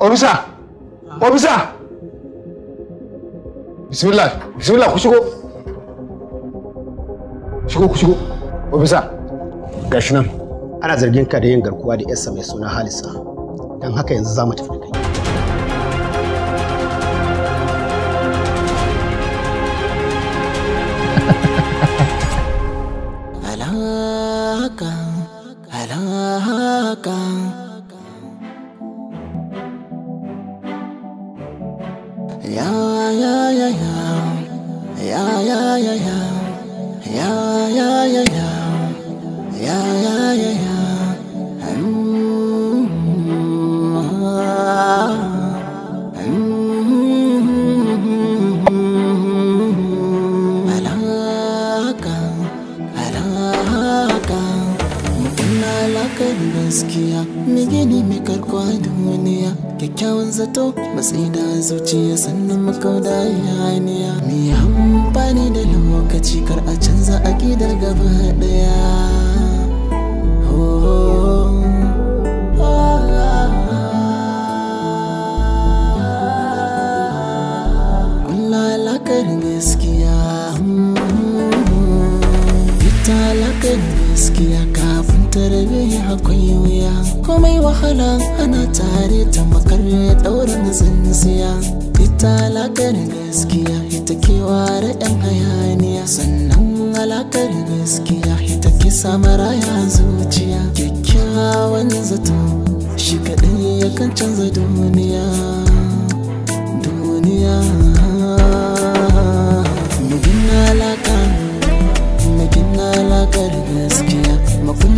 Obisa! Ah, Obisa! Bismillah! Bismillah ku shigo! Shigo ku shigo! Obisa! Gashi nan. Ana zargin ka da yin garkuwa da 'yarsa mai suna Halisa. Don haka yanzu za mu tafi kai. mai gini mai karkuwa duniya kyakkyawan zato matsayi da zuciya sannan makauda ya haniya mai amfani da lokaci kar a canza akidar gaba daya Yeah. gaskiya hmm, hmm, hmm. gaskiya tarbiyya akwai wuya komai wahala ana tare ta makar ya zinziya ita alaƙar gaskiya ita ke ware ɗan hayaniya sannan alaƙar gaskiya ita ke samara ya zuciya kyakkyawan zato shi kaɗai yakan canza duniya duniya Mugin alaka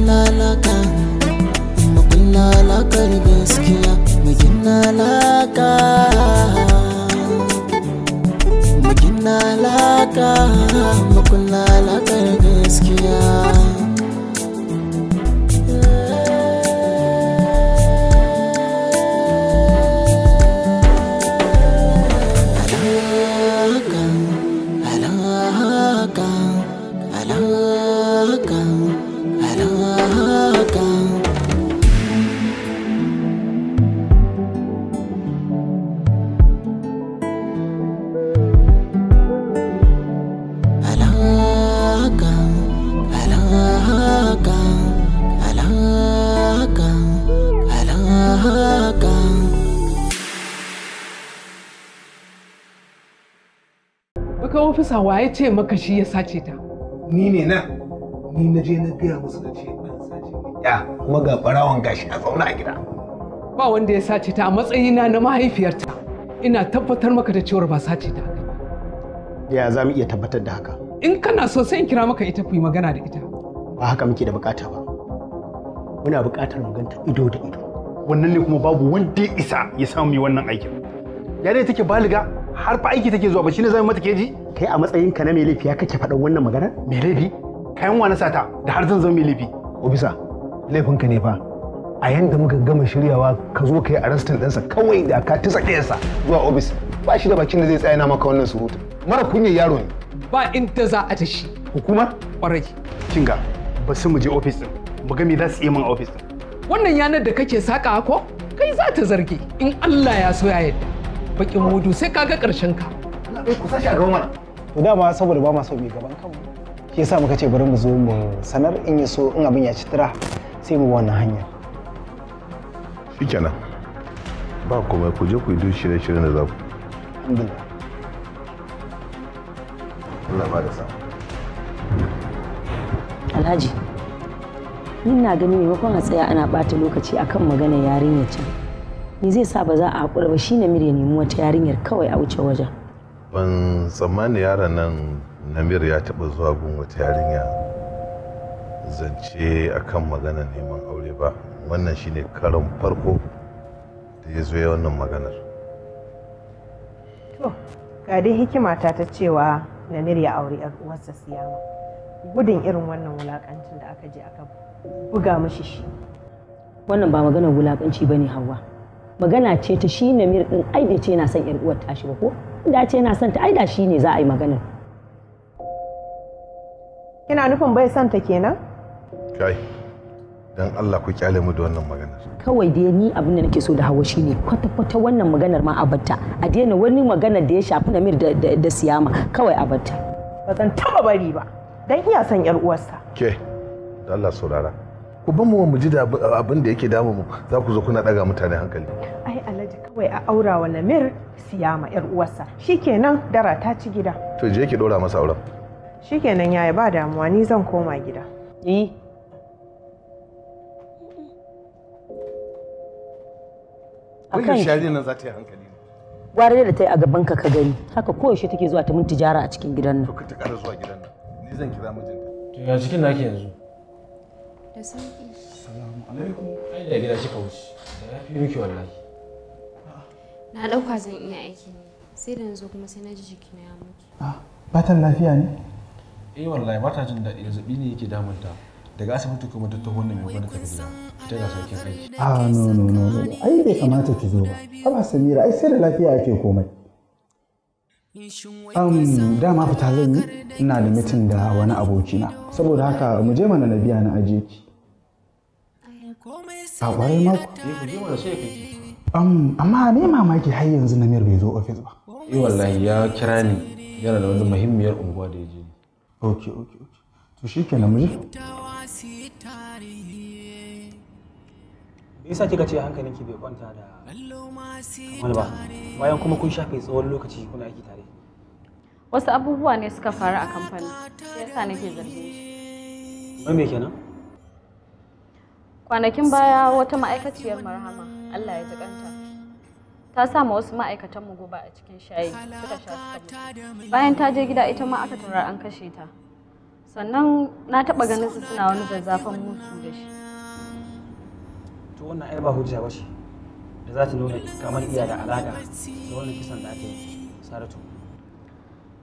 gina alaka mu kulla alakar gaskiya mu gina alaka mu gina alaka mu kulla alakar gaskiya sa wa ya ce maka shi ya sace ta ni ne na ni na je na gaya musu da ce an sace ya kuma ga farawan gashi a zauna a gida ba wanda ya sace ta a matsayina na mahaifiyarta ina tabbatar maka da cewar ba sace ta ya za mu iya tabbatar da haka in kana so sai in kira maka ita ku yi magana da ita ba haka muke da bukata ba muna bukatar mu ganta ido da ido wannan ne kuma babu wanda ya isa ya samu yi wannan aikin ya dai take baliga har fa aiki take zuwa ba shine zai mata keji kai a matsayin ka na mai laifi ya kake faɗan wannan magana mai laifi kayan wa na sata da har zan zama mai laifi ofisa ka ne fa a yanda muka gama shiryawa ka zo ka yi arrestin ɗansa kawai da ka tisa sa zuwa ofis ba shi da bakin da zai tsaya na maka wannan surutu mara kunyar yaro ne ba inda za a tashi hukumar ƙwarai kinga ba su mu je ofis din mu ga me za su yi min ofis din wannan yanar da kake saka ko kai za ta zarge in Allah ya so ya yadda bakin wudu sai kaga ƙarshen ka Allah bai kusa shi a gaban mana to dama saboda ba ma so mu gaban kanmu shi yasa muka ce bari mu zo mu sanar in ya so in abin ya ci tira sai mu wannan hanya shikenan ba komai ku je ku yi duk shirye da za ku alhamdulillah Allah ba da sa Alhaji ni na gani maimakon a tsaya ana bata lokaci akan magana yarinyar can ni zai sa ba za a haƙura ba shi shine mire nemi wata yarinyar kawai a wuce wajen ban tsammani yaron nan namir ya taɓa zuwa gun wata yarinya zance a kan magana neman aure ba wannan shine karon farko da ya zo ya wannan maganar to ga dai hikimata ta cewa namir ya aure uwarsa siyama gudun irin wannan wulakancin da aka je aka buga mishi shi wannan ba maganar wulakanci ne hawa magana ce ta shi namir din ai ce yana son yar uwar tashi ba ko da ce yana son ta ai da shi ne za a yi magana. kina nufin bai son ta kenan kai dan Allah ku kyale mu da wannan maganar kawai dai ni abin da nake so da hawa shine kwata kwata wannan maganar ma a batta a daina wani maganar da ya shafi na da, da, Siyama kawai a batta ba zan taba bari ba dan iya son yar uwarsa ke da Allah saurara ku ban mu mu ji da abin da yake damu mu za ku zo kuna daga mutane hankali ai kawai a aura wa Lamir ma yar uwarsa shikenan dara ta ci gida to je ki dora masa auren shikenan yaya ba damuwa ni zan koma gida eh akan shari'a nan za ta yi hankali gware da ta yi a gaban ka ka gani haka koyaushe take zuwa ta mun tijara a cikin gidan nan to ka ta kara zuwa gidan nan ni zan kira mijinta to ya cikin naki yanzu da sauki assalamu alaikum ai da gida kika wuce da yafi miki wallahi na ɗauka zan iya aiki ne sai da yanzu kuma sai na ji jikina ya mutu ba ah, batan lafiya ne eh wallahi ba ta jin daɗi zazzabi ne yake damunta daga asibiti kuma ta taho nan mai ta gida ta ga sauƙin aiki ah no no no no ai bai kamata ki zo ba aba samira ai sai da lafiya ake komai um, dama fita zan yi ina da mitin da wani abokina saboda haka mu je mana na biya na aje ki a ƙwarai mako eh ku je mana sai kai amma ne mamaki har yanzu Namir bai zo ofis ba. Yi eh, wallahi ya kira ni yana da wani muhimmiyar unguwa da ya je. Ok ok ok. To shi ke je. Me yasa kika ce ki bai kwanta da kamar ba? Bayan kuma kun shafe tsawon lokaci kuna aiki tare. Wasu abubuwa ne suka faru a kamfani. Yasa nake zargin shi. Mai me kenan? Kwanakin baya wata ma'aikaciyar marhama Allah ya taƙanta. kanta ta sa ma wasu ma'aikatanmu guba a cikin shayi suka sha suka bayan ta je gida ita ma aka tarar an kashe ta sannan na taɓa ganin su suna wani zazzafan musu da shi to wannan ai ba hujja ba shi da za ta nuna kamar iya da alaƙa da wannan kisan da aka saratu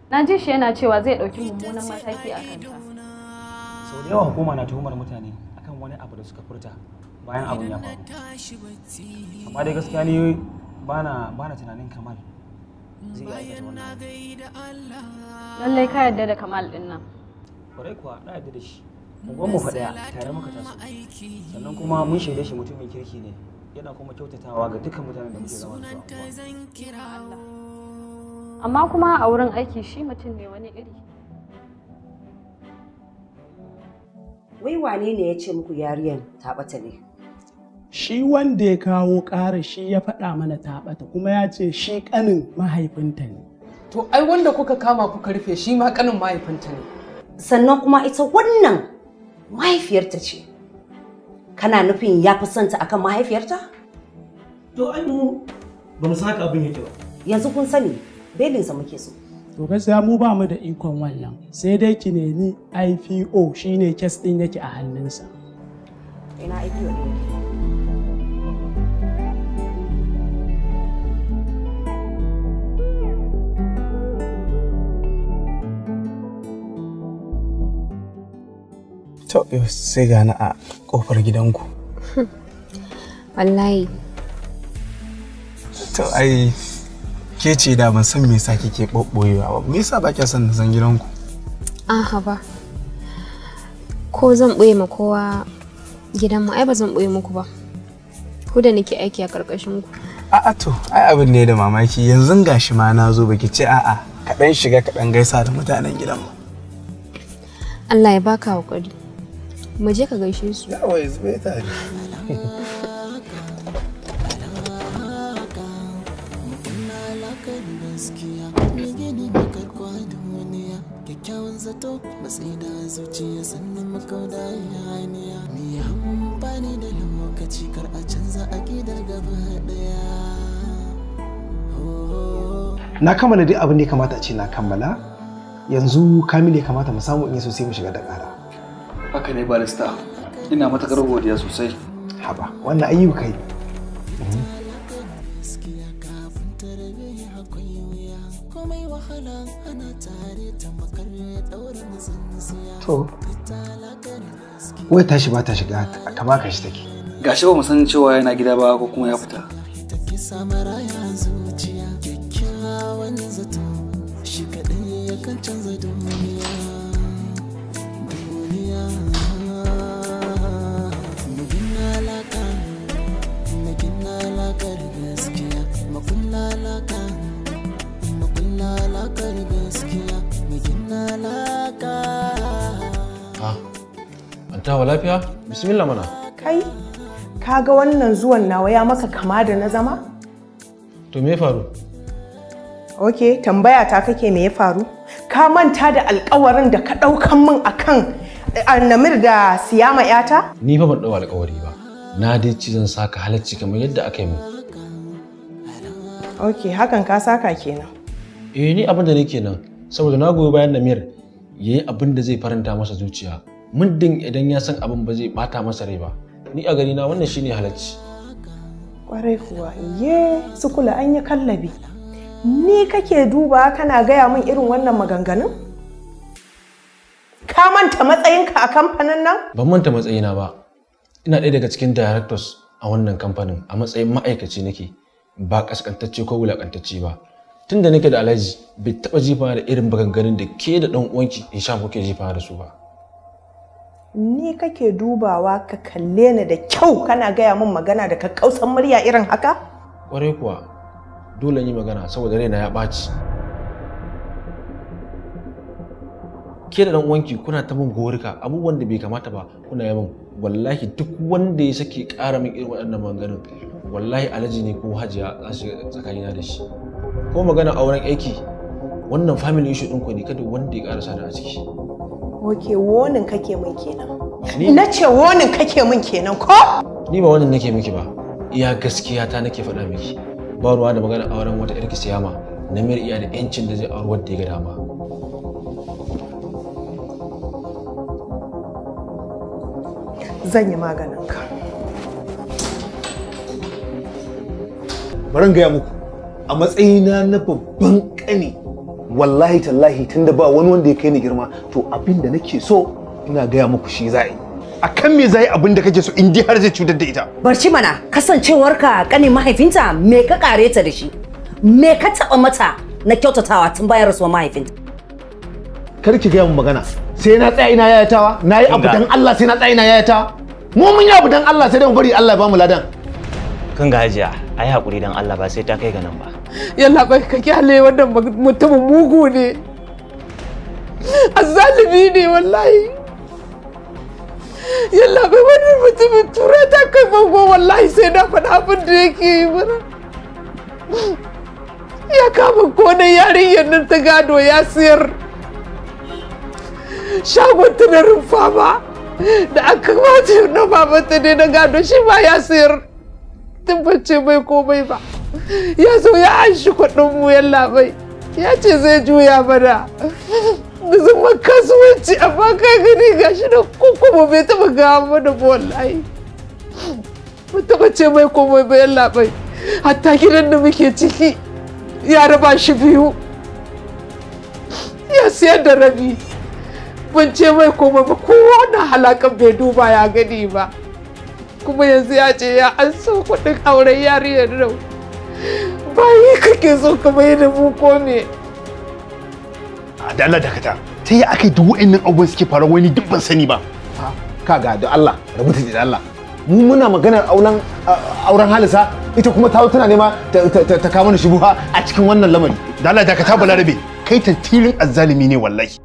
na ji shi yana cewa zai ɗauki mummunan mataki a kanta sau da yawa hukuma na tuhumar mutane akan wani abu da suka furta bayan abun ya faru amma dai gaskiya ne bana tunanin kamal zai aikata wannan lallai ka yarda da kamal din nan kwarai kuwa na yarda da shi mu faɗaya tare muka taso sannan kuma mun shaida shi mutumin kirki ne yana kuma kyautatawa ga dukkan mutanen da muke zama da su amma kuma a wurin aiki shi mutum ne wani iri wai wane ne ya ce muku yariyan ta ne shi wanda ya kawo ƙara shi ya faɗa mana taɓata kuma ya ce shi ƙanin mahaifinta ne to ai wanda kuka kama kuka rufe shi ma ƙanin mahaifinta ne sannan kuma ita wannan mahaifiyarta ce kana nufin ya fi santa akan mahaifiyarta to ai mu ba mu san abin yake ba yanzu kun sani belinsa muke so to gaskiya mu ba mu da ikon wannan sai dai ki nemi IPO shine kes ɗin yake a hannunsa ina IPO ne to sai gani a kofar gidanku wallahi to ai ke ce da ban san me yasa kike ɓoɓɓoyewa ba me yasa ba kya son na san gidanku aha ba ko zan ɓoye ma kowa gidanmu ai ba zan ɓoye muku ba ku da nake aiki a ƙarƙashin ku a'a to ai abin ne da mamaki yanzu gashi ma na zo baki ce a'a kaɗan shiga kaɗan gaisa da mutanen gidanmu Allah ya baka haƙuri mu je ka gaishe su yawai zube ta ne kyakkyawan zato matsayi da zuciya sannan makauda ya haniya mai hambani da lokaci kar a canza aƙidar gaba daya na kammala duk abin da ya kamata a ce na kammala yanzu kamil ya kamata mu samu in yi sosai mu shiga da ƙara haka ne barista ina matakar godiya sosai haba wannan ayyuka yi to wai tashi ba ta shiga ta baka shi take gashi ba mu san cewa yana gida ba ko kuma ya fita shi kaɗai ya kan canza duniya wa lafiya? Bismillah mana. Kai, ka ga wannan zuwan nawa ya maka kama da na zama? To me faru? Ok, tambaya ta kake me ya faru? Ka manta da alkawarin da ka ɗaukan min akan annamir da Siyama yata? Ni fa ban ɗau alkawari ba. Na dai ci zan saka halacci kamar yadda aka yi mu. Ok, hakan ka saka kenan. Eh ni abin da nake nan, saboda na goyi bayan Namir yayi abin da zai faranta masa zuciya. Mundin idan ya san abin ba zai bata masa rai ba ni a gani na wannan shine halacci kwarai kuwa ye sukula an yi kallabi ni kake duba kana gaya min irin wannan maganganun ka manta matsayinka a kamfanin nan ban manta matsayina ba ina ɗaya daga cikin directors a wannan kamfanin a matsayin ma'aikaci nake ba kaskantacce ko wulakantacce ba tunda nake da alhaji bai taɓa jifa da irin maganganun da ke da ɗan uwanki in sha kuke jifa da su ba ni kake dubawa ka kalle ni da kyau kana gaya min magana da kakkausan murya irin haka? Ƙwarai kuwa dole yi magana saboda raina ya ɓaci. Ke da wanki, kuna ta min gorika abubuwan da bai kamata ba kuna yi min wallahi duk wanda ya sake ƙara min irin waɗannan maganganun wallahi alaji ne ko hajiya za su tsakanina da shi. Ko magana auren aiki wannan family issue ɗinku ne kada wanda ya ƙara sada a ciki. ok wonin kake min kenan na ce wonin kake min kenan ko ni ba wonin nake miki ba iya gaskiya ta nake faɗa miki ba ruwa da magana auren wata irki siyama na miyar iya da yancin da zai auri da ya ga dama zan yi maganin ka bari gaya muku a matsayina na babban ƙani wallahi tallahi tunda ba wani wanda ya kai ni girma to abin da nake so ina gaya muku shi za yi a kan me za yi abin da kake so in har zai cutar da ita barci mana kasancewarka kane mahaifinta me ka kare ta da shi me ka taba mata na kyautatawa tun bayan rasuwar mahaifinta kar ki gaya mun magana sai na tsaya ina yayatawa na yi abu dan Allah sai na tsaya ina yayatawa mu mun yi abu dan Allah sai dan mu bari Allah ya bamu ladan kan gajiya ai hakuri dan Allah ba sai ta kai ga nan ba yalla bai ka kyale wannan mutumin mugu ne azalimi ne wallahi yalla bai wannan mutumin tura ta kai bango wallahi sai na faɗa abin da yake yi mana ya kama kone yarinyar nan ta gado ya siyar shagon ta na ba da aka kwace na babanta ne na gado shi ba ya siyar tun bace mai komai ba ya zo ya anshi kuɗin mu bai ya ce zai juya mana zama kasuwanci amma ka gani gashi da kuma bai taɓa ga mana ba wallahi mun taɓa ce mai komai yalla bai hatta gidan da muke ciki ya raba shi biyu ya siyar da rabi ban ce mai komai ba kowa na halakan bai duba ya gani ba kuma yanzu ya ce ya an so kuɗin auren yariyar nan bayi kake so ka bai da mu ko ne da Allah dakata ta yi aka yi duk wa'annan abubuwan suke fara wani duk ban sani ba ga da Allah rabu ta da Allah mu muna maganar auren auren halisa ita kuma ta tana nema ta kama ni shubuha a cikin wannan lamari da Allah dakata ka ta balarabe kai tilin azzalimi ne wallahi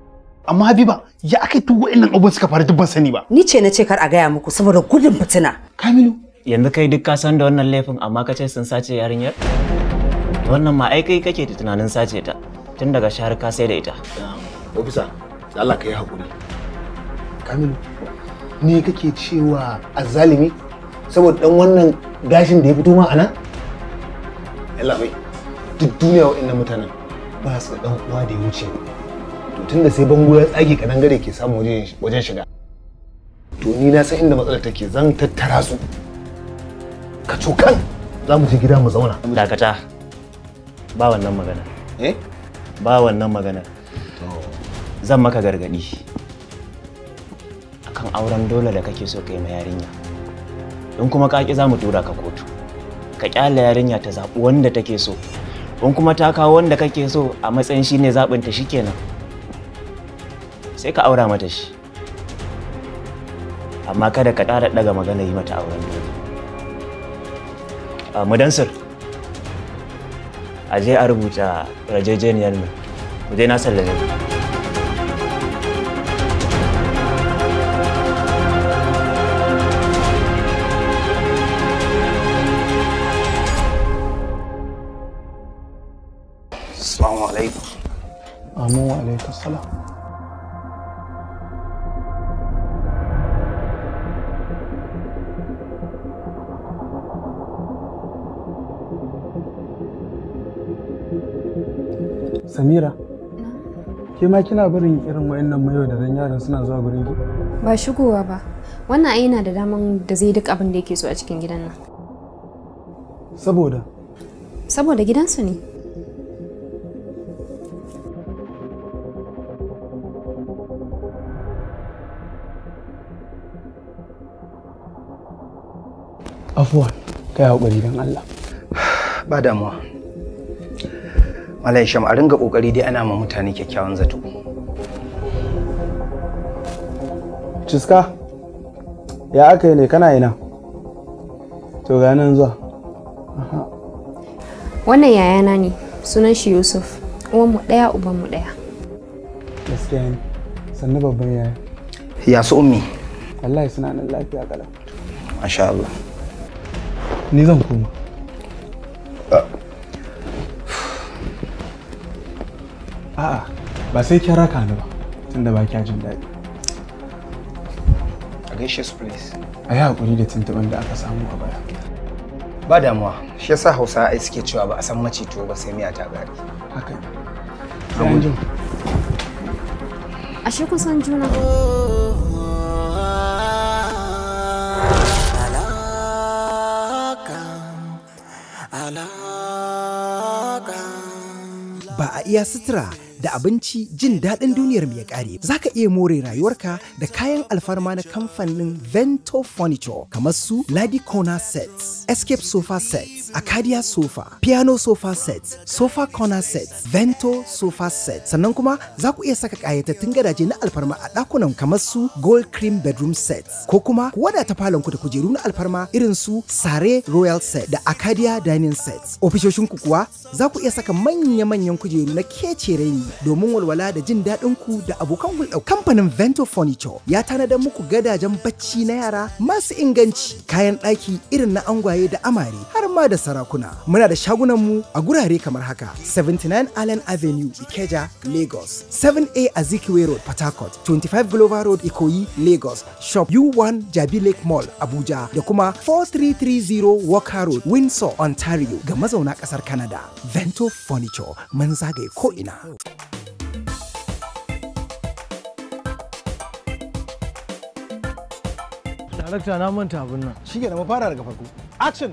amma habiba ya akai duk wa'annan abubuwan suka faru duk ban sani ba ni ce na ce kar a gaya muku saboda gudun fitina kamilu yanzu kai duk ka san da wannan laifin amma ka ce sun sace yarinyar wannan ma ai kai kake tunanin sace ta tun daga shahar ka sai da ita ofisa Allah ka yi hakuri Kamilu ni kake cewa azalimi saboda dan wannan gashin da ya fito ma anan Allah mai duk duniya waɗannan mutanen ba su da dan uwa da ya wuce to tun da sai bango ya tsage kadan gare ke samu wajen shiga to ni na san inda matsalar take zan tattara su ka cokan za mu je gida mu zauna dakata ba wannan magana eh ba wannan magana zan maka gargadi akan auren dole da kake so kai ma yarinya in kuma kaki za mu tura ka kotu ka kyale yarinya ta zaɓi wanda take so in kuma ta kawo wanda kake so a matsayin shi ne zaɓinta shi kenan sai ka aura mata shi amma kada ka ƙara ɗaga magana yi mata auren dole Ah, mudansir a je a rubuta rajejeniyar nan ku dai na sallame Assalamu alaikum. Amu alaikum salam. Samira. Ke ma kina barin irin wayannan mayo da dan yaran suna zuwa gurin ki? Ba shigowa ba. Wannan ai yana da daman da zai duk abin da yake so a cikin gidan nan. Saboda? Saboda gidansu ne. Afuwan, kai haƙuri don Allah. Ba damuwa. Malam Sham a ringa kokari dai ana ma mutane kyakkyawan zato. Ciska ya aka yi ne kana ina? To ga nan zuwa. Wannan yayana ne sunan shi Yusuf uwanmu ɗaya ubanmu ɗaya. Gaskiya ne sannu babban yaya. Ya su ummi. Wallahi suna nan lafiya kalau. Masha Allah. Ni zan koma. A'a, ba sai kira ka ni ba, tunda ba kya jin daɗi. A gaishe su please. A yi haƙuri da tuntuɓin da aka samu a baya. Ba damuwa, shi yasa Hausa ai suke cewa ba a san macito ba sai miya ta gari. Haka ne. Sai Ashe kun san juna. ba a iya sutura da abinci jin daɗin duniyar mu ya ƙare. Za ka iya more rayuwarka da kayan alfarma na kamfanin Vento Furniture kamar su Ladi Corner Sets, Escape Sofa Sets, Acadia Sofa, Piano Sofa Sets, Sofa Corner Sets, Vento Sofa Sets. Sannan kuma za ku iya saka ƙayatattun gadaje na alfarma a ɗakunan kamar su Gold Cream Bedroom Sets ko kuma ta falon ku da kujeru na alfarma irin su Sare Royal Set da Acadia Dining Sets. ku kuwa za ku iya saka manya-manyan kujeru na kece raini domin walwala da jin daɗin ku da abokan hulɗa. Kamfanin Vento Furniture ya tanadar muku gadajen bacci na yara masu inganci, kayan ɗaki irin na angwaye da amare har ma da sarakuna. Muna da shagunan mu a gurare kamar haka: 79 Allen Avenue, Ikeja, Lagos, 7A Azikiwe Road, Port Harcourt, 25 Glover Road, Ikoyi, Lagos, Shop U1 Jabi Lake Mall, Abuja, da kuma 4330 Walker Road, Windsor, Ontario, ga mazauna ƙasar Canada. Vento Furniture, mun zagaye ko'ina. darakta na manta abin nan shi ke da fara daga farko action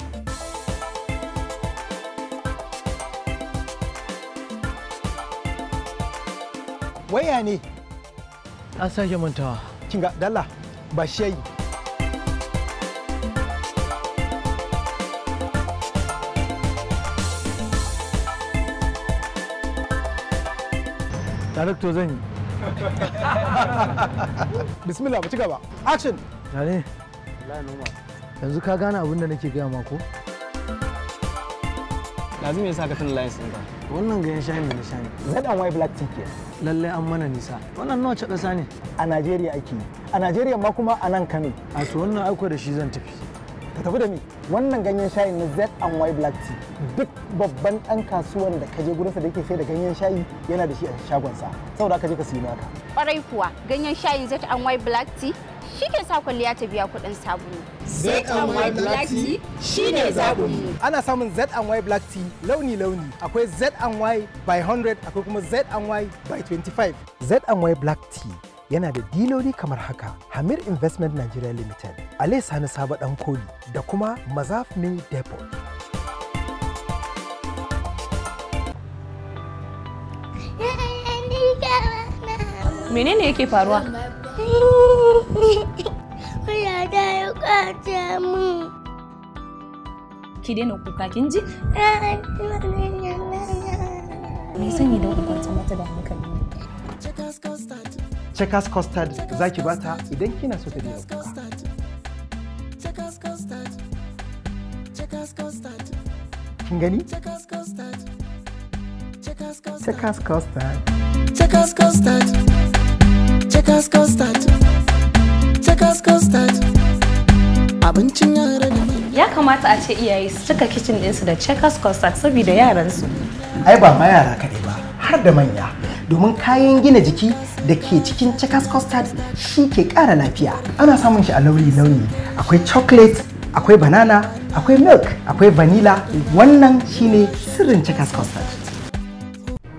waya ne an sake mantawa kinga dalla ba shi yayi darakto zan yi bismillah ba ci gaba action tare yanzu ka gane abin da nake gaya mako yanzu me sa ka tuna sun ba? wannan ganyen shani na shani z and y black tea ke Lallai an mana nisa wannan nawa ce ƙasa ne a najeriya ake a najeriya ma kuma a nan kano a to wannan aiko da shi zan tafi ka tafi da ni wannan ganyen shayin na y Black Tea duk babban ɗan kasuwan da ka je gurinsa da yake sai da ganyen shayi yana da shi a shagonsa saboda ka je ka siya naka kwarai kuwa ganyen shayin y Black Tea shi ke sa kwalliya ta biya kuɗin sabulu. y Black Tea shi ne zabuni. Ana samun z and y Black Tea launi-launi. Akwai z and y by 100 akwai kuma z and y by 25. y Black Tea yana da diloli kamar haka Hamir Investment Nigeria Limited, Ale Sani Sabo Dan Koli da kuma Mazaf Mill Depot. Menene yake faruwa? Ya da ya kwace mu. Ki daina kuka kin ji? Me sanya da kuka mata da hankali? checkers custard za ki bata idan kina so ta daina kuka kin gani checkers custard checkers custard checkers custard checkers custard abincin yara da ya kamata a ce iyaye su cika kicin ɗinsu da checkers custard saboda yaransu ai ba ma yara kaɗai ba har da manya domin kayan gina jiki da ke cikin checkers custard shi ke ƙara lafiya ana samun shi a launi-launi akwai chocolate akwai banana akwai milk akwai vanilla wannan shine sirrin checkers custard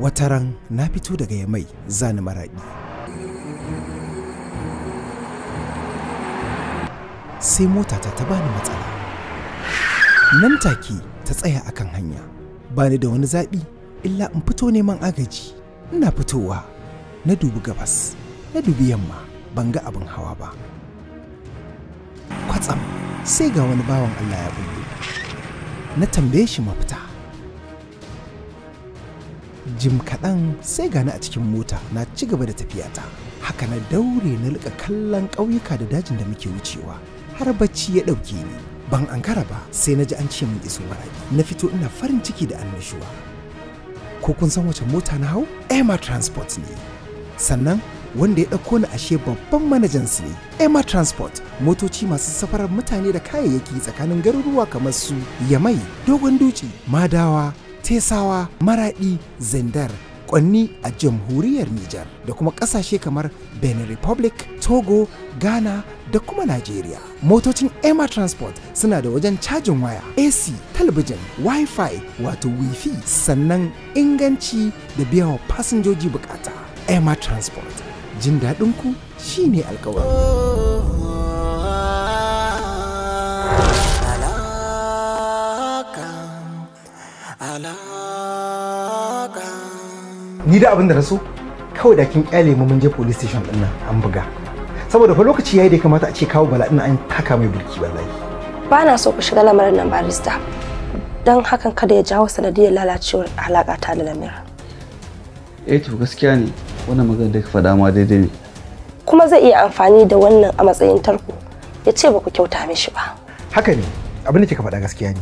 Wata ran na fito daga yamai zani maraɗi sai mota ta ni matsala nan take ta tsaya akan hanya bani da wani zaɓi illa in fito neman agaji ina fitowa na dubi gabas na dubi yamma ban ga abin hawa ba kwatsam sai ga wani bawan allah ya buɗe na tambaye shi mafita jim kaɗan sai gani a cikin mota na ci gaba da tafiyata haka na daure na liƙa kallon ƙauyuka da dajin da muke wucewa har bacci ya ɗauke ni ban ankara ba sai na ji an ce min iso marabi na fito ina farin ciki da annashuwa ko kun san wace mota na hau Emma transport ne sannan wanda ya ɗauko ni ashe babban manajan su ne ema transport motoci masu safarar mutane da kayayyaki tsakanin garuruwa kamar su yamai dogon Dutse, madawa tesawa maradi zindar kwanni a jamhuriyar Nijar da kuma ƙasashe kamar Benin Republic, Togo, Ghana da kuma Najeriya. Motocin Emma Transport suna da wajen cajin waya, AC, talabijin, Wi-Fi wato Wi-Fi sannan inganci da biya wa fasinjoji bukata. Emma Transport, jin daɗinku shine alkawari. ni da abin da raso kawai da kin kyale mu mun je police station din nan an buga saboda fa lokaci yayi da kamata a ce kawo bala din an taka mai birki wallahi ba na so ku shiga lamarin nan barista dan hakan kada ya jawo sanadiyar lalacewar alaka ta da lamira eh to gaskiya ne wannan magana da ka faɗa ma daidai ne kuma zai iya amfani da wannan a matsayin tarko ya ce ba ku kyauta mishi ba haka ne abin da kika faɗa gaskiya ne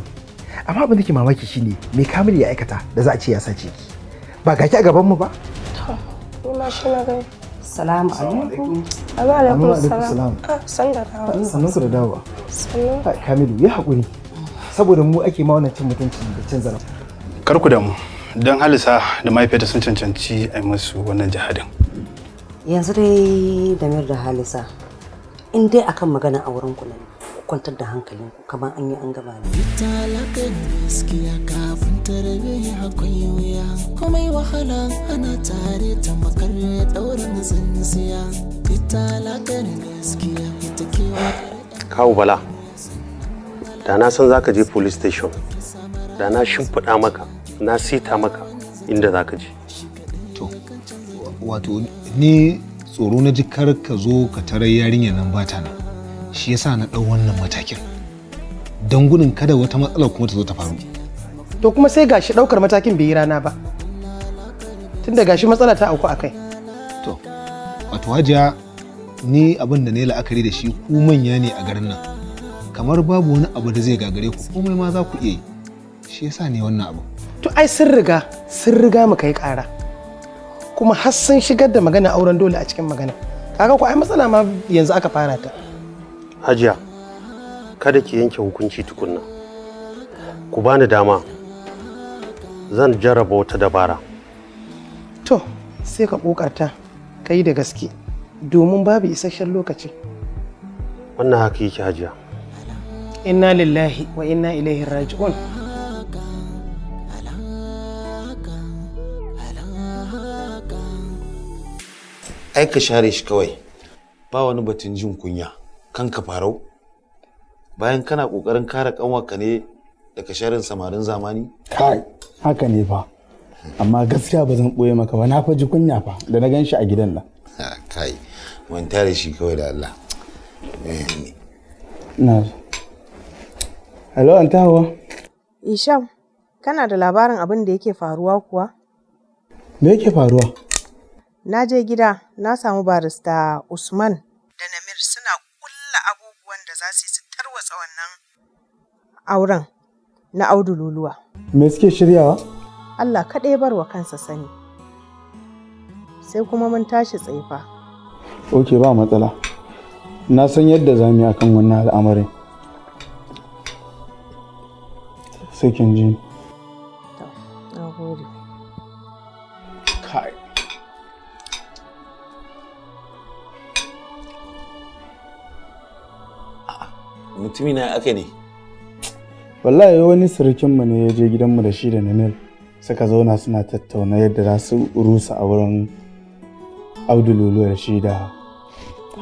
amma abin da ke mamaki shine me kamili ya aikata da za a ce ya sace ki ba gashi a gaban mu ba ma shi na salamu alaikum alaikum salam ah, san da dawa ku da dawa sannan kamilu yi hakuri saboda mu ake ma wannan cin mutunci da cin zarafi kar ku damu don halisa da mahaifiyarta sun cancanci a yi musu wannan jihadin yanzu dai da mir da halisa in dai akan magana a wurin ku ne kwantar da hankalinku kamar an yi an gaba ne kafin. tarbe akwai wuya komai wahala ana tare ta makar daurin zinziya ita lakar gaskiya ita kewa kawo bala da na san zaka je police station da na shimfiɗa maka na sita maka inda zaka je to wato ni tsoro na ji kar ka zo ka tarar yarinya nan ba ta nan shi yasa na ɗau wannan matakin don gudun kada wata matsala kuma ta zo ta faru to kuma sai gashi ɗaukar matakin bai yi rana ba tunda gashi matsala ta auku akai to wato hajiya ni abin da ne la'akari da shi ku manya ne a garin nan kamar babu wani abu da zai gagare ku komai ma za ku iya yi shi yasa ne wannan abu to ai sun riga sun riga mu kai kara kuma har sun shigar da magana auren dole a cikin magana kaga ku ai matsala ma yanzu aka fara ta hajiya kada ki yanke hukunci tukunna ku bani dama zan jarraba wata dabara to sai ka kokarta ka yi da gaske domin babu isasshen lokaci wannan haka yake hajiya inna lillahi wa inna ilaihi raji'un ai ka share shi kawai ba wani batun jin kunya kanka farau bayan kana ƙoƙarin kare ka ne daga sharin samarin zamani? Kai, haka ne fa. Amma gaskiya ba zan ɓoye maka ba, na fa ji kunya fa da na gan shi a gidan nan. Kai, manta da shi kawai da Allah. Na. Hello, an tawa. Isham, kana da labarin abin da yake faruwa kuwa? Me yake faruwa? Na je gida, na samu barista Usman da Namir suna kulla abubuwan da za su yi su tarwatsa wannan auren. na Audu Luluwa. Me suke shiryawa? Allah kaɗai bar wa kansa sani. Sai kuma mun tashi tsaifa. Ok ba matsala. Na san yadda za mu yi akan wannan al'amarin. Sai ji. aka ne. wallahi wani surukinmu ne ya je gidanmu da shi da namil suka zauna suna tattauna yadda za su rusa a wurin abdululu da shi da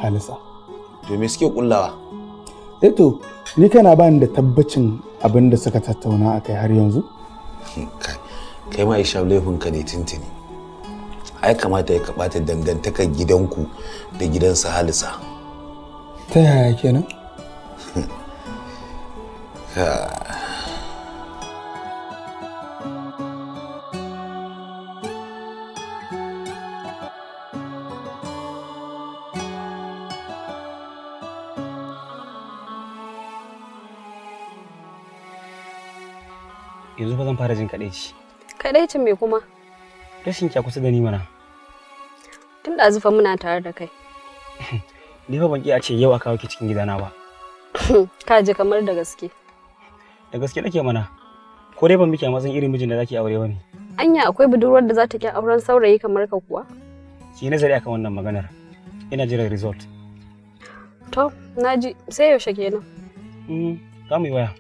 halisa to suke kullawa eto eh ni kana bani da tabbacin abin da suka tattauna a kai har yanzu kai ma isha laifinka ne tintini ai kamata ya kabata dangantakar gidanku da gidansa halisa ta yaya kenan kaɗai jin kaɗai kadaicin me kuma rashin kya kusa da ni mana tun da zufa muna tare da kai ni fa ban ki a ce yau aka kawo cikin gidana ba hmm, ka ji kamar da gaske da gaske nake mana ko dai ban miki a matsayin irin mijin da zaki aure ne. anya akwai budurwar da za ta ki auren saurayi kamar ka kuwa ki nazari akan wannan maganar ina jiran result to naji sai yaushe kenan mm za mu waya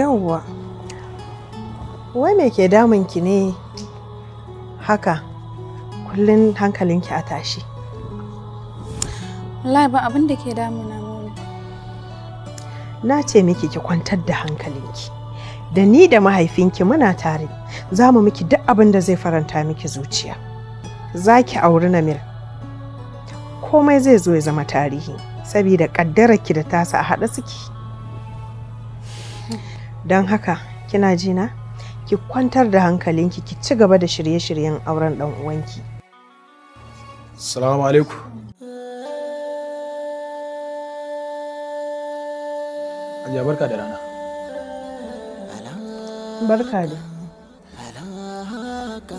yawwa wai me ke ki ne haka kullum hankalinki a tashi wallahi ba abin da ke damuna na ce miki ki kwantar da hankalinki da ni da mahaifinki muna tare za mu miki duk abin da zai faranta miki zuciya za ki auri namir komai zai zo ya zama tarihi saboda ƙaddararki da tasa a haɗa suke don haka kina jina? ki kwantar da hankalinki ki ci gaba da shirye-shiryen auren dan uwanki salamu alaikum Ajiya barka da rana. Barka da.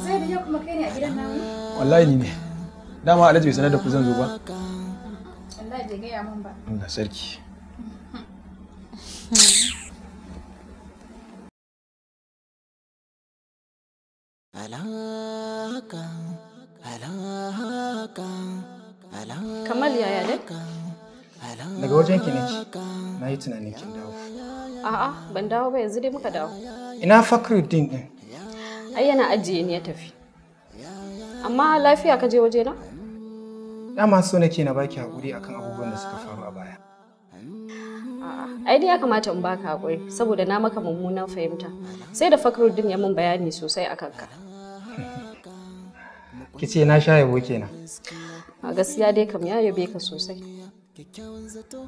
Zai da kuma kai ne a gidan namu? Wallahi ni ne. Dama Alhaji bai sanar da ku zan zo ba. Allah bai gaya mun ba. Allah sarki. yanzu dai muka dawo. Ina Fakhruddin din? Ai yana ajiye ne ya tafi. Amma lafiya ka je waje na? Dama so nake na baki hakuri akan abubuwan da suka faru a baya. Ai dai ya kamata in baka hakuri saboda na maka mummunan fahimta. Sai da Fakhruddin ya min bayani sosai akan ka. Ki ce na sha yabo kenan. A gaskiya dai kam ya yabe ka sosai.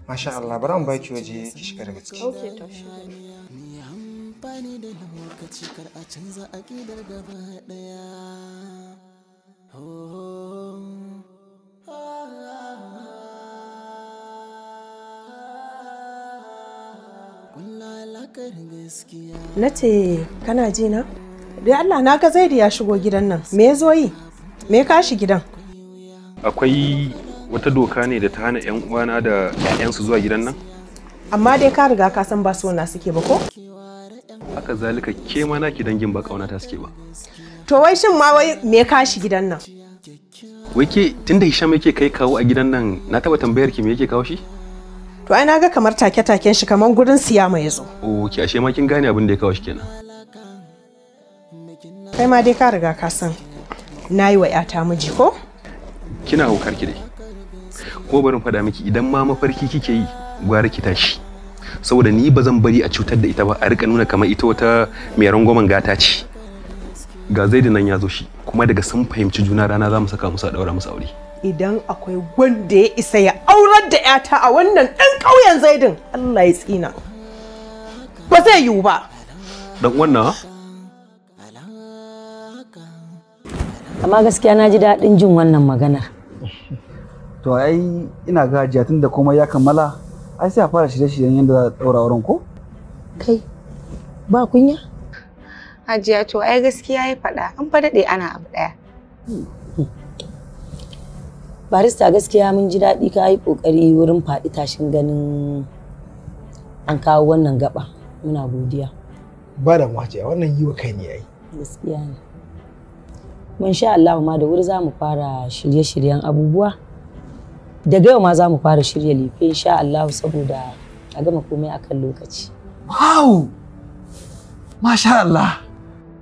Masha Allah, bari mu baki waje ki shiga daga ciki. Okay, to shi. bani da lokaci kar a canza aƙidar gaba ɗaya na ce kana ji na? dai Allah na ga da ya shigo gidan nan me ya zo me ya kashi gidan akwai wata doka ne da ta hana 'yan uwana da 'ya'yansu zuwa gidan nan amma dai ka riga ka san ba sona suke ba ko haka zalika ke ma ki dangin ba kauna ta suke ba to wai shin ma wai me kashi gidan nan wai ke tunda Hisham yake kai kawo a gidan nan na taba tambayar ki me yake kawo shi to ai naga kamar take taken shi kamar gurin siya mai zo. oh ki ashe ma kin gane abin da ya kawo shi kenan kai ma dai ka riga ka san nayi wa yata miji ko kina hukar ki dai ko barin faɗa miki idan ma mafarki kike yi gwara ki tashi saboda ni ba zan bari a cutar da ita ba a rika nuna kamar ita wata mai rangwamen gata ce ga zai nan ya zo shi kuma daga sun fahimci juna rana za mu saka musu a daura musu aure idan akwai wanda ya isa ya aurar da yata a wannan ɗan ƙauyen zaidin Allah ya tsina ba zai yiwu ba dan wannan amma gaskiya na ji daɗin jin wannan maganar to ai ina gajiya tun da komai ya kammala ai sai a fara shirye-shiryen yadda za a ɗaura wurin ko? Kai, ba kunya? Hajiya to ai gaskiya ya faɗa, an fa daɗe ana abu ɗaya. Barista gaskiya mun ji daɗi ka yi ƙoƙari wurin faɗi tashin ganin an kawo wannan gaba. Muna godiya. Ba da a wannan yi wa kai ne ai. Gaskiya ne. Mun sha Allah ma da wuri za mu fara shirye-shiryen abubuwa. daga yau ma za mu fara shirya lefe insha Allah saboda a gama komai akan lokaci wow masha Allah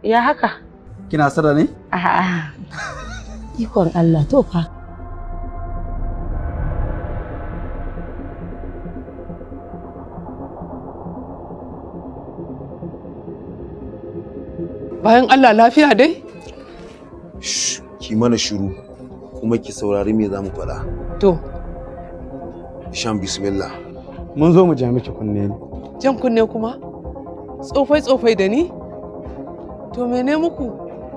ya haka kina sada ne a'a ikon Allah to fa bayan Allah lafiya dai? Ki mana shiru kuma ki saurari me za mu faɗa. To. shan bismillah. Mun zo mu ja miki kunne ne. Jan kunne kuma? Tsofai tsofai da ni? To mene muku?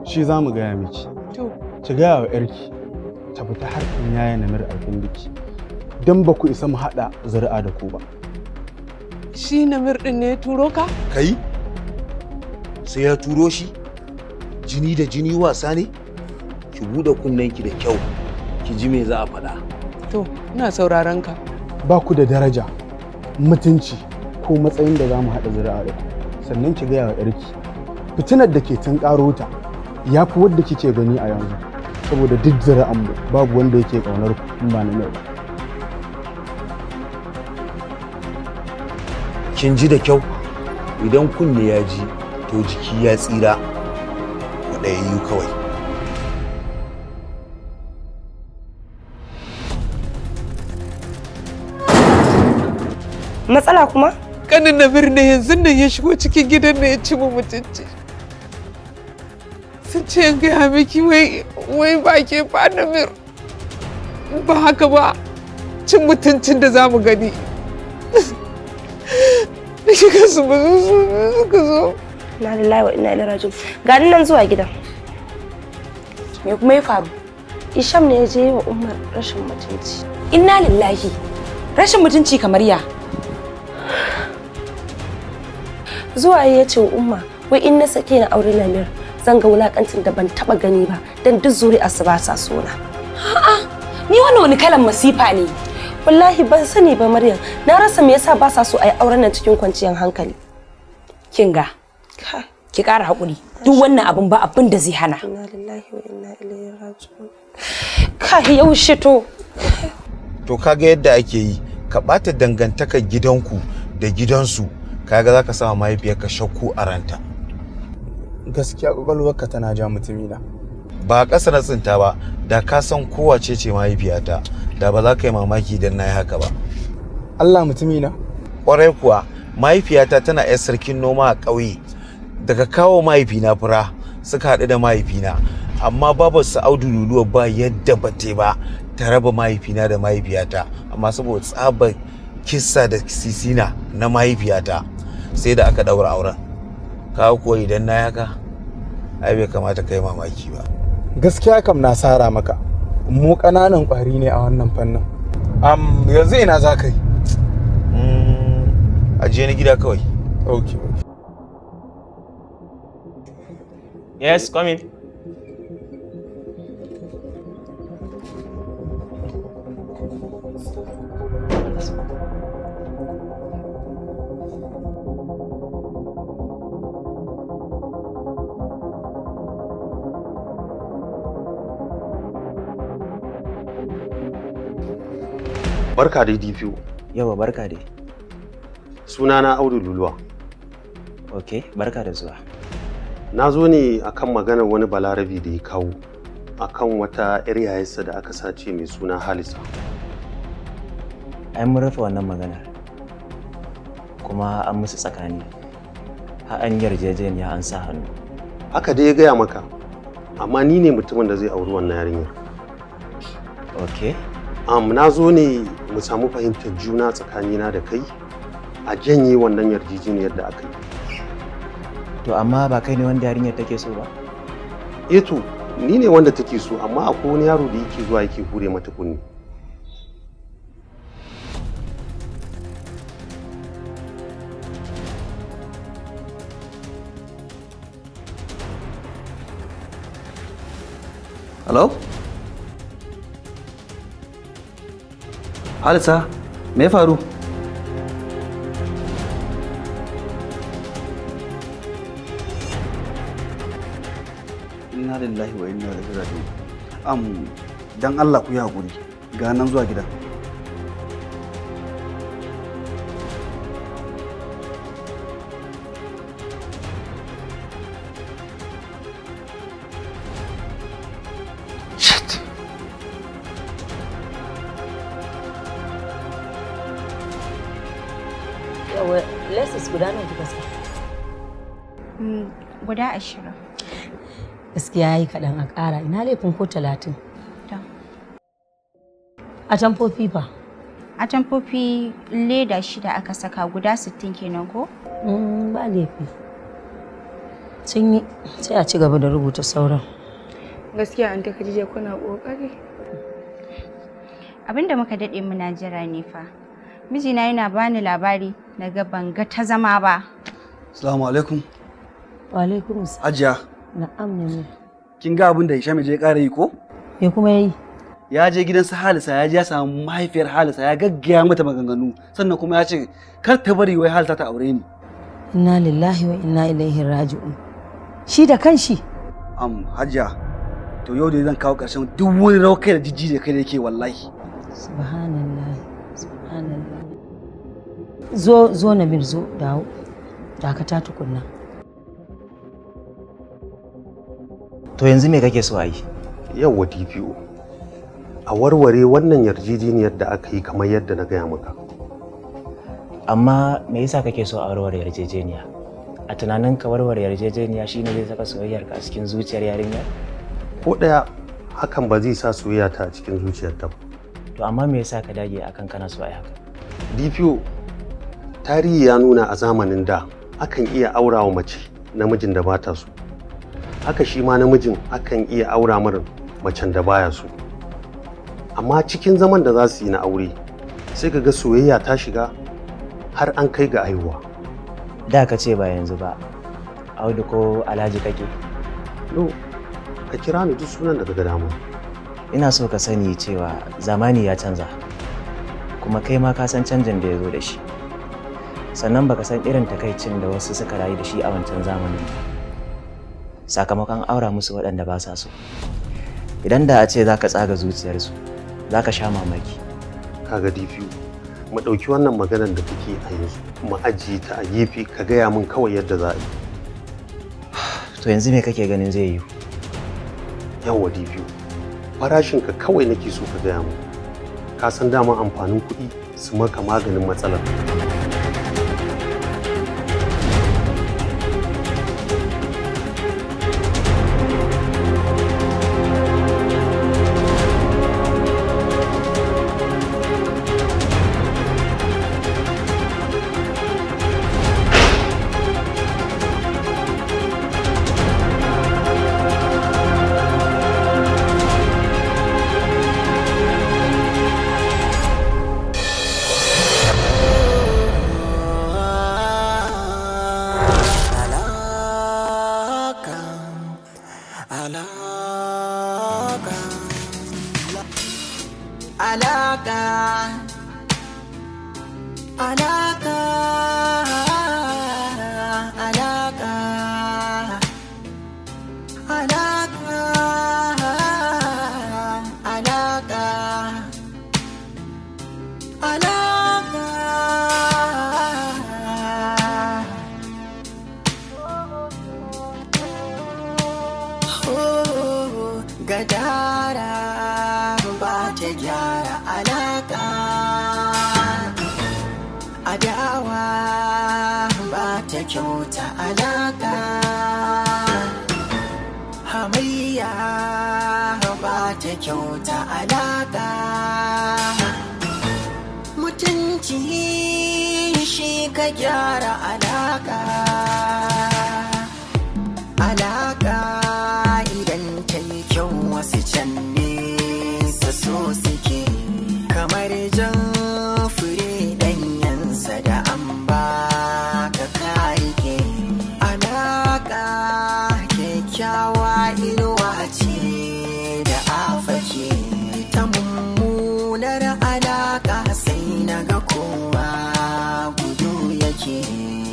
Shi za mu gaya miki. To. Ki gaya wa ‘yarki ta fita harkin yaya namir abin alfindiki. Don ba ku isa mu haɗa zuri'a da ku ba. Shi namir ɗin ne ya turo ka? Kai? Sai ya turo shi? Jini da jini wasa ne? Ki buɗe kunnenki da kyau, ki ji me za a faɗa. To, ina sauraron ka. ba ku da daraja mutunci ko matsayin da za mu haɗa zuri'a da ku sannan ki gaya wa yarki fitinar da ke tun ƙaro ta ya fi wadda kike gani a yanzu saboda duk zuri'an mu babu wanda yake ƙaunar ku in ba na yau kin ji da kyau idan kunne ya ji to jiki ya tsira ɗayayyu kawai Matsala kuma? Kanin na birni yanzu nan ya shigo cikin gidan da ya ci mu mutunci. Sun ce in ya miki wai wai ba ke mir. Ba haka ba cin mutuncin da za mu gani. Da shiga su ba suka zo. Na lillahi wa ina ila raji'un. Ga nan zuwa gidan. Me kuma ya faru? Isham ne ya je wa Umar rashin mutunci. Inna lillahi. Rashin mutunci kamar ya. zuwa ya ce umma wai in na sake na aure lamir zan ga wulakancin da ban taba gani ba dan duk zuri ba sa sona a'a ni wannan wani kalan masifa ne wallahi ban sani ba maryam na rasa me yasa ba sa so a yi auren nan cikin kwanciyar hankali kin ki kara hakuri duk wannan abin ba abin da zai hana inna lillahi wa inna ilaihi raji'un ka yaushe to to kaga yadda ake yi ka bata dangantakar gidanku da gidansu kaga za ka sa ka shakku a ranta gaskiya ka tana ja mutumina ba ƙasa na tsinta ba da ka san kowace ce mahaifiyata da ba za ka yi mamaki idan na yi haka ba allah mutumina ƙwarai kuwa mahaifiyata tana 'yar sarkin noma a ƙauye daga kawo mahaifina fura suka haɗu da mahaifina amma babu audu luluwa ba yadda ba te ba ta raba mahaifina da mahaifiyata amma saboda tsabar kissa da sisina na mahaifiyata sai da aka daura auren kawo ko idan na yaka ai bai kamata kai mamaki ba gaskiya kam na sara maka mu ƙananan ƙwari ne a wannan fannin am yanzu ina za ka yi mm, ajiye ni gida kawai okay, yes come Barka dai DPO. Yawa barka dai. na Audu Luluwa. Ok, barka da zuwa. Na zo ne akan maganar wani balarabi da ya kawo akan wata ‘yar yayarsa da aka sace mai suna Halisa. An rufe wannan maganar. Kuma an musu tsakani. Har an yarjejeniya an sa hannu. Haka dai ya gaya maka. Amma ni ne mutumin da zai auri wannan yarinyar. Okay. um, na zo ne mu samu fahimtar juna tsakani na da kai a janye wannan yarjejeniyar da aka yi to amma ba kai ne wanda yarinyar take so ba eh to ni ne wanda take so amma akwai wani yaro da yake zuwa yake hure mata kunni Hello? Halisa, me ya faru? Inna lillahi wa inna ilaihi raji'un. Am dan Allah ku yi hakuri. Ga nan zuwa gida. guda ashirin gaskiya ya yi kaɗan a ƙara ina laifin ko talatin a tamfofi ba a tamfofi leda shida aka saka guda sittin kenan ko mm, ba laifi sun yi sai a ci gaba da rubuta sauran gaskiya an taka jiya kuna ƙoƙari abinda muka daɗe muna jira ne fa mijina yana bani labari na ga ban ga ta zama ba assalamu alaikum Wa alaikum Ajiya. Na'am ne. Kin ga abin da Hisham je ƙara yi ko? ya kuma yi. Ya je gidan su Halisa ya je ya samu mahaifiyar Halisa ya gaggaya mata maganganu sannan kuma ya ce kar ta bari wai Halisa ta aure ni. Inna lillahi wa inna ilaihi raji'un. Shi da kan shi. Am Hajiya. To yau da zan kawo ƙarshen duk wani rawar kai da jijji da kai da yake wallahi. Subhanallah. Subhanallah. Zo zo na Nabil zo dawo. Dakata tukunna. to yanzu me kake so a yi yawwa dpo a warware wannan yarjejeniyar da aka yi kamar yadda na gaya maka amma me yasa kake so a warware yarjejeniya a tunanin ka warware yarjejeniya shine zai saka soyayyarka a cikin zuciyar yarinya ko ɗaya hakan ba zai sa soyayya ta a cikin zuciyar ta ba to amma me yasa ka dage akan kana so a haka dpo tarihi ya nuna a zamanin da akan iya aurawa mace namijin da bata so haka shi ma namijin akan iya aura mara macen da baya so amma cikin zaman da za su yi na aure sai kaga soyayya ta shiga har an kai ga haihuwa da ka ce ba yanzu ba audu ko alhaji kake no ka kira ni duk sunan da kaga dama ina so ka sani cewa zamani ya canza kuma kai ma ka san canjin da ya zo da shi sannan baka san irin takaicin da wasu suka rayu da shi a wancan zamanin sakamakon aura musu waɗanda ba sa so idan da a ce za ka tsaga zuciyarsu za ka sha mamaki kaga dpu mu ɗauki wannan maganar da kuke a yanzu mu ajiye ta a gefe ka gaya min kawai yadda za a yi to yanzu me kake ganin zai yi yawa dpu farashinka kawai nake so ka gaya min ka san dama amfanin kuɗi su maka maganin matsalar ta alaka mutunci shi ka gyara alaka alaka idan ta yi kyau wasu can ne su so suke kamar jan key.